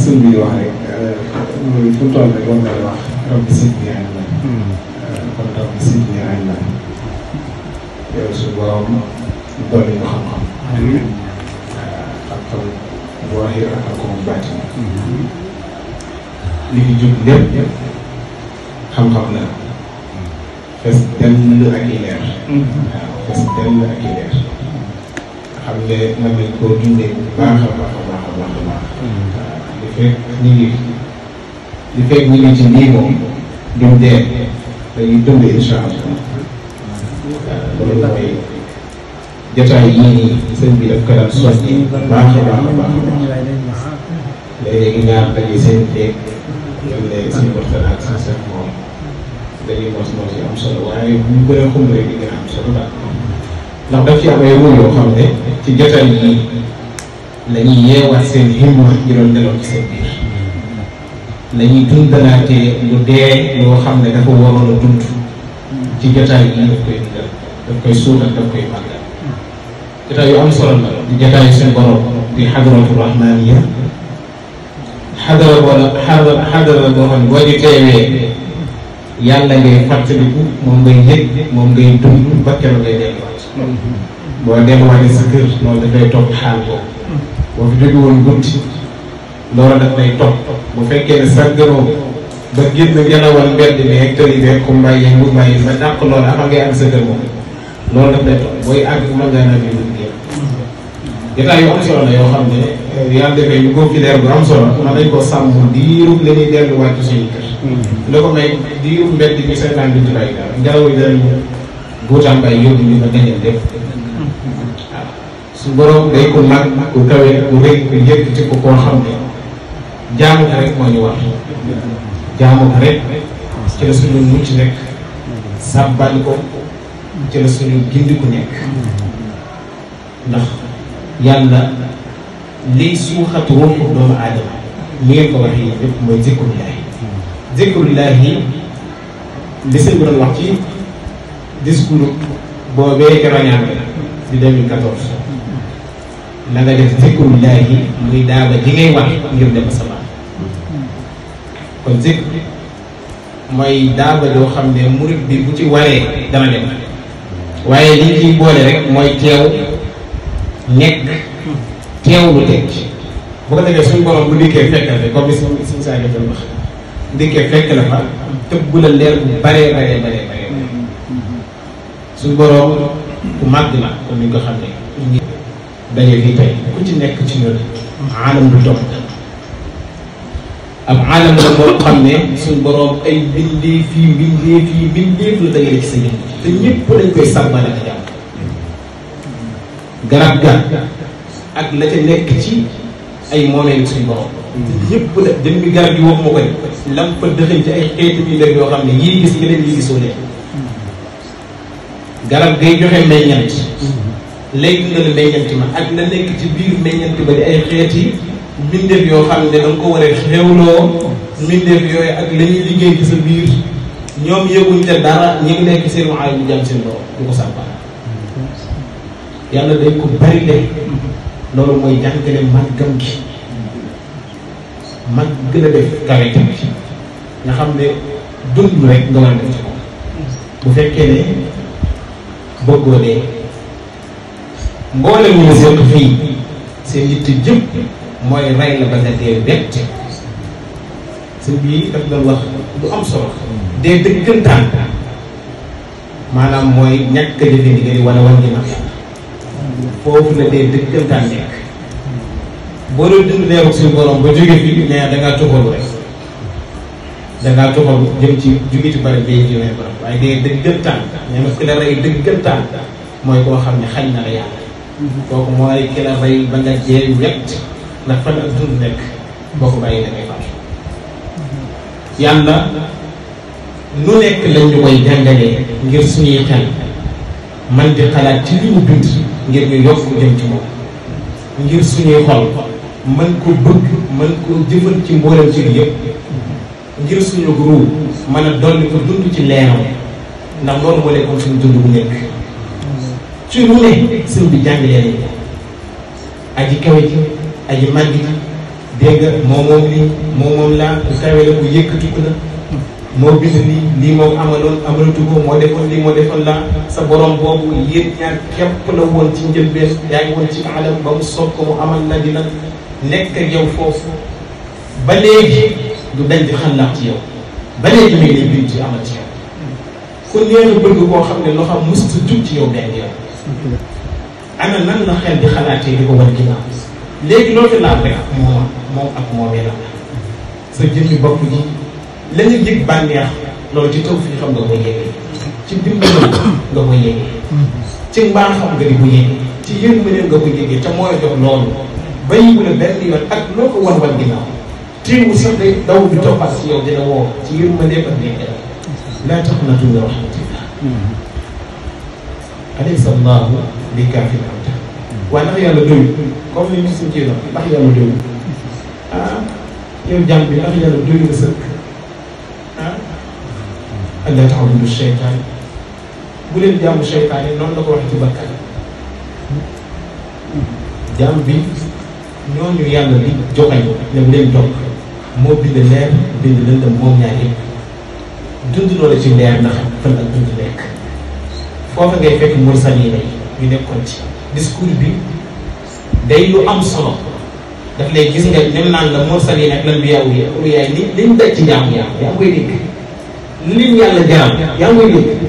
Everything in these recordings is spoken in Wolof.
sëñ bi wax rek euh, mooy fu mu toll rek war ngay wax rabbi zidni ilma kon rabbi zidni ilma yow suñu borom doole ñu xam-xam. xam-xam bu waxee ak ak moom baati na. Hmm. li ñu jub lépp xam-xam la. fes dell ak i leer. Hmm. waaw fes dell ak i leer. xam ne mën nañu koo dundee bu baax a baax a baax a baax a baax. Hmm. Euh, li fekk ñu ngi li fekk ñu ngi ci lii moom duñ dee dañuy dund incha allah loolu mooy jotaay yii nii sëñ bi daf ko daan a baax a baax a baax léeg-léegi ñaar dañuy seen teeg ñoom léegi seen waxtaan ak seen seen moom dañuy mos mos yi solo waaye bu ñu gën a xumb rek di gën a am solo daal ndax daf ci am ay yoo xam ne ci la ñuy yeewaat seen himma ñu doon delloo ci seen biir la ñuy dundalaatee lu dee loo xam ne dafa waroon a dund ci jotaay bi daf koy dundal daf koy suutal daf koy màggal jotaay yu am solo la di jotaayu seen borom di xadaratu rahmaniya xadara boo xadara xadara boo xam ne boo di teewee yàlla ngay fàttaliku moom ngay yëg moom ngay dund ba keroog ngay delluwaat boo delluwaatee sa kër loolu dafay topp xaal boobu boo fi jóge woon guddi loola daf lay topp bu fekkee ne sàggaroo ba génn yalawal mbedd mi hectare yi beeg comme mbay yeeg mbay yi ba dàq loola ama ngay am sa kër moom loolu daf lay topp booy àgg mën ngaa naan yu dul génn jotaay yu am solo la yoo xam ne eh, yàlla defee ñu góob ci leer bu am solo mën nañ koo sàmm diirub la ñuy delluwaat ci suñu kër. la ko may diirub mbedd mi seen naan duñ ci bàyyi dara ngelaw yi danañ buutaan bay yóbbu ñu ba def. su borom day ko mag ku kawe ku rëy ku ko koo xam ne jaamu ko rek moo ñu war jaamu ko rek ci la suñu mucc nekk sàbbal ko ci la suñu gindi ku nekk li yàlla liy suuxat ruuxu doomu aadama li ngeen ko waxee yéen ñëpp mooy zikrullahi zikrullahi li sëñ bi wax ci discours boobee rañaan bi di na nga def zikru laahi muy daaba wax ngir dem sama kon zikr mooy daaba doo xam ne murit bi bu ci waree dana dem li ñu ciy boole rek mooy teew nekk teew lu teg bu ko defee suñu borom bu dikkee fekk la fa tëbb la bu baree baree baree baree mm-hmm. suñu ku màgg la kon ni ñu xam ne. daje fii tey ku ci nekk ci ñun aalam bu dox ab aalam la boo xam ne suñ boroom ay bindeef yi bindeef yi bindeef la dajale ci sa ñun te ñëpp dañ koy sàmmale ak jàmm garab ga ak la ca nekk ci ay moomeel suñ boroom ñëpp la jën bi garab yi wax ma koy lam fa dëxëñ ci ay xeeti bi ndef yoo xam ne yii gis nga leen yii gisoo leen garab gay joxe meññant léegi na la meññant ma ak la nekk ci biir meññant ba di ay xeeti mbindeef yoo xam ne da nga ko a xewloo yooyu ak la ñuy liggéey ci sa ñu ngi nekk seen waay bu jàmm seen lool du ko sàmbaal yàlla dañ mooy jàngale màggam gi mag nga xam ne dund rek nga war ci ko bu fekkee ne bëggoo dee mboolem ñu seq fii seen yitte jëpp mooy rey la ba nga dee bett sëñ bi daf doon wax lu am solo dee dëggantaan maanaam mooy ñàkk a jëfe ndigal wala wàññi nag foofu la dee dëggantaan nekk boo doon dund leeru suñu borom ba jóge fii nee da ngaa tuxalu rek da ngaa jëm ci jóge ci bari bay jëmee borom waaye dee dëggantaan mooy koo xam ne xañ na la yàlla ko mooy ki la bay ba nga jeex ñett ndax fan ak dund nekk boo ko bàyyi da ngay fàtt yàlla lu nekk lañu ñu koy jàngalee ngir suñuy xel man di xalaat ci li mu bind ngir ñu yokk jëm ci moom ngir suñuy xol mën ko bëgg mën ko jëfal ci mboolem ci yëpp ngir suñu groupe mën a dolli ko dund ci leeram ndax loolu moo nekkoon suñu dund bu nekk suy mu ne sëñ bi jàngalee nañ ko aji kawe ji aji màgg ji dégg nga moom lii moom moom laa ku kawe la ku yëkkatiku la moo bind nii lii moom amaloon amalatu ko moo defoon lii moo defoon laa sa borom boobu yéen ñaar képp la woon ci njëlbeen yaa ngi ba foofu ba léegi du dañ di xalaat ci yow ba léegi mi ngi lay ci amal ci yow ku neex bëgg koo xam ne loo xam mosut a jug ci yow benn ana nan la xel di xalaatee di ko war ginnaaw léegi loo fi laal rek ak moom moom ak moom yi la sa jëmmi bopp ji la nga jëg bànneex loolu ci taw fii xam nga ko yéegee ci dimbalam nga ko yéegee ci mbaax xam nga di ko yéegee ci yërmande nga ko yéegee te mooy jox loolu bàyyi bu la benn yoon ak loo ko war wan ginnaaw téewu sax day daw bi toppat si yow dina woo ci yërmande ak yéegee laa tax na tuuti rahmatillah alaysa allahu bi kaafin abda waaye ndax yàlla doyul comme ni ñu suñ ci yoon ndax yàlla doyul ah yow jàmm bi ndax yàlla doyul la sëkk ah an laa ta'budu sheytaan bu leen jaamu sheytaan yi noonu la ko waxee ci bakkan jàmm bi ñooñu yàlla li joxe ne bu leen jokk moo bind leer bind lëndëm moom ñaar yëpp dund loola ci leer na xam fan ak foofu ngay fekk mursalina yi ñu nekkoon ci discours bi day lu am solo daf lay gis nga nem naan la mursalina ak lambiya yaay ni liñ daj ci jaam yaa yaa ngi koy dégg liñ yàlla jaam yaa ngi koy dégg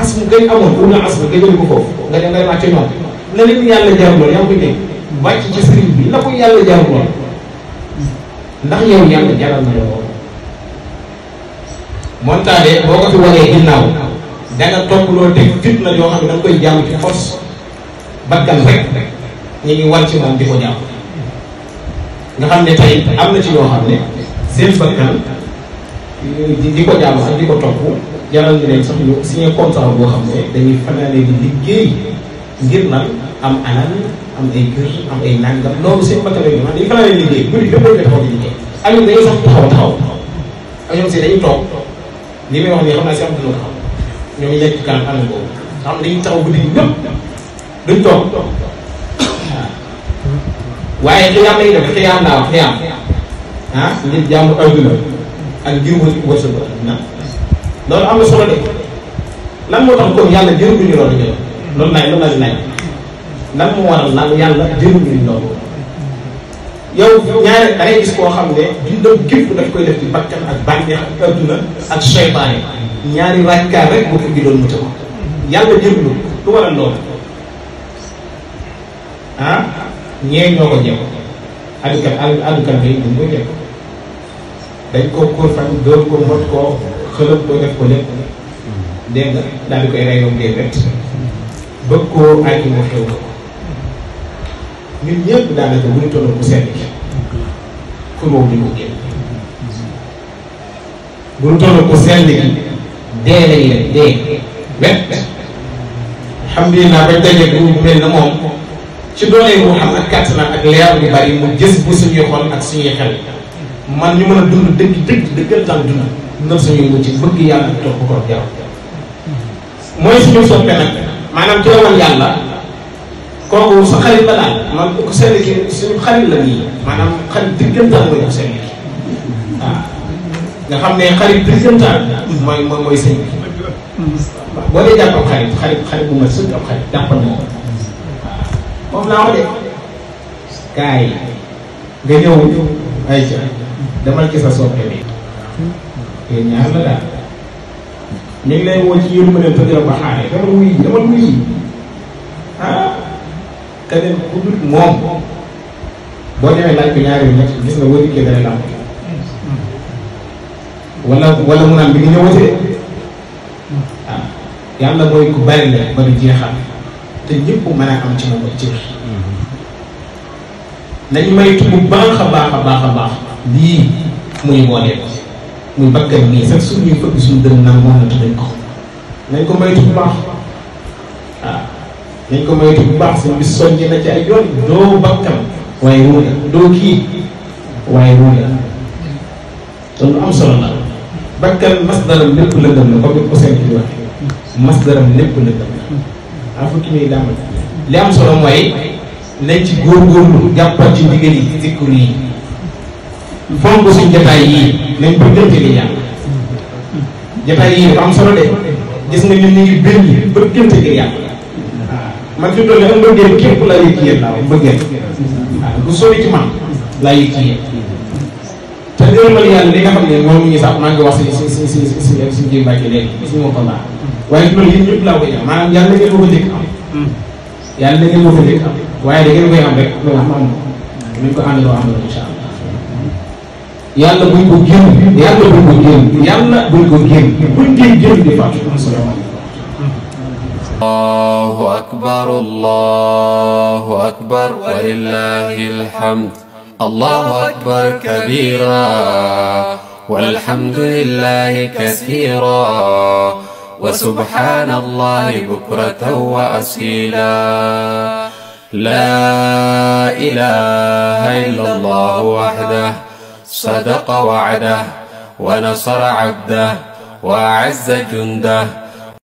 as mu gën amoon pour as mu nga jël ko nga dem vraiment ci noonu la liñ yàlla jaam loolu yaa ngi koy dégg wàcc ci sëriñ bi la ko yàlla jaam loolu ndax yow yàlla jaral na la loolu montaane boo ko fi waree ginnaaw danga topp loolu teg fitna yoo xam ne da nga koy jàmm ci force bakkan rek ñu ngi war ci moom di ko jàmm nga xam ne tey am na ci yoo xam ne seen bakkan di ko jàmm sax di ko topp jaral ñu leen sax ñu signé contrat boo xam ne dañuy fanaanee di liggéey ngir lan am alal am ay kër am ay nangam loolu seen bakkan la ñu wax dañuy fanaanee liggéey guddi bépp dañuy taxaw di liggéey ak ñoom dañuy sax taxaw taxaw ak ñoom si dañuy toog li may wax nii xam naa si am dina ko xam ngay lên càng ăn ngủ nó đi trâu đi nhấp đứng chỗ vậy cái ăn đi là cái ăn nào theo hả nhìn dòng ơi rồi anh yêu với quốc sự đó là ông solo đi lan moo tax kon yàlla jëru ñu loolu lần loolu nay loolu lañ nay lan moo waral lan yàlla jëru ñu loolu yow ñaare da ngay gis koo xam ne dundam képp daf koy def ci bakkan ak bànneex ak adduna ak seytaane ñaari ràkkaa rek bu ko julloon mu taw yàlla jéglu lu waral loolu ah ñee ñoo ko jekk alukal alukal bi duñ koy jekk dañ ko kóor fan dóor ko mot ko xëlëb ko def ko lépp dégg nga daal di koy rey ba mu dee wet bëgg koo aaj mu xew ko ñun ñëpp daanaka bu ñu tolloon bu sedd ku boobu di ko génn bu ñu tolloon bu sedd gi dee lañu def dee wet alhamdulilah bañ dajeeg bu mel na moom ci doole boo xam ak kàttanam ak leer bu bari mu gis bu suñuy xol ak suñuy xel man ñu mën a dund dëgg dëgg dëggantaan dund ndax suñuy mucc bëgg yàlla topp ko jaww mooy suñu soppe nag maanaam ci la woon yàlla kooku sa xarit la daal man ko seen ki suñu xarit la nii maanaam xarit dëggantaan mooy ko seen nga xam ne xarit présental mooy mooy mooy sëñ bi waaw boo dee jàpp ab xarit xarit xarit bu ma sëñ ab xarit jàppal na ko waaw moom laa ko def gars yi nga ñëw ay ca demal ci sa soppe bi yéen ñaar la daal ñu ngi lay woo ci yërmande te dina ko xaare demal wuy demal wuy ah keneen ku dul moom boo demee laaj ko ñaari yu ñett gis nga wëri ke dana lamb wala wala mu naan bi nga ñëwati de waaw hmm. ah. yàlla mooy ku bari la bari jeexal te ñëpp mën a am ci moom ak cër hmm. nañ maytu bu baax a baax a baax a baax lii muy boolee ko muy bakkan nii sax suñuy fëgg moom na tëddañ ko nañ ko maytu bu baax waaw ah. nañ ko maytu bu baax bi soññi ci ay yoon doo bakkan waaye ruula doo kii waaye ruula te lu bakkan masdaram lépp lëndëm la comme ni ko seen kii waxee masdaram lépp lëndëm la am fukki muy dàmbal li am solo mooy nañ ci góorgóorlu jàppal ci ndigal yi zikru yi fonk suñ jataay yii nañ bëggante li yàlla jataay yii am solo de gis nga ñun ñu ngi biir ñi bëggante ngir yàlla waaw man fi mu toll nii am mbëggeel képp laa yëg ci yéen laa wax mbëggeel waaw bu sori ci man laa yëg dañoo mën li nga xam ne moom maa ngi wax si si si si si si waaye loolu ñëpp laa koy maanaam yàlla da ngeen ko am. yàlla da ngeen ko am waaye da ngeen koy am rek loolu am am incha allah. yàlla buñ ko génn yàlla buñ ko génn yàlla buñ ko génn buñ génn di fàttali الله أكبر الله أكبر ولله الحمد الله أكبر كبيرا والحمد لله كثيرا وسبحان الله بكرة وأصيلا لا إله إلا الله وحده صدق وعده ونصر عبده وأعز جنده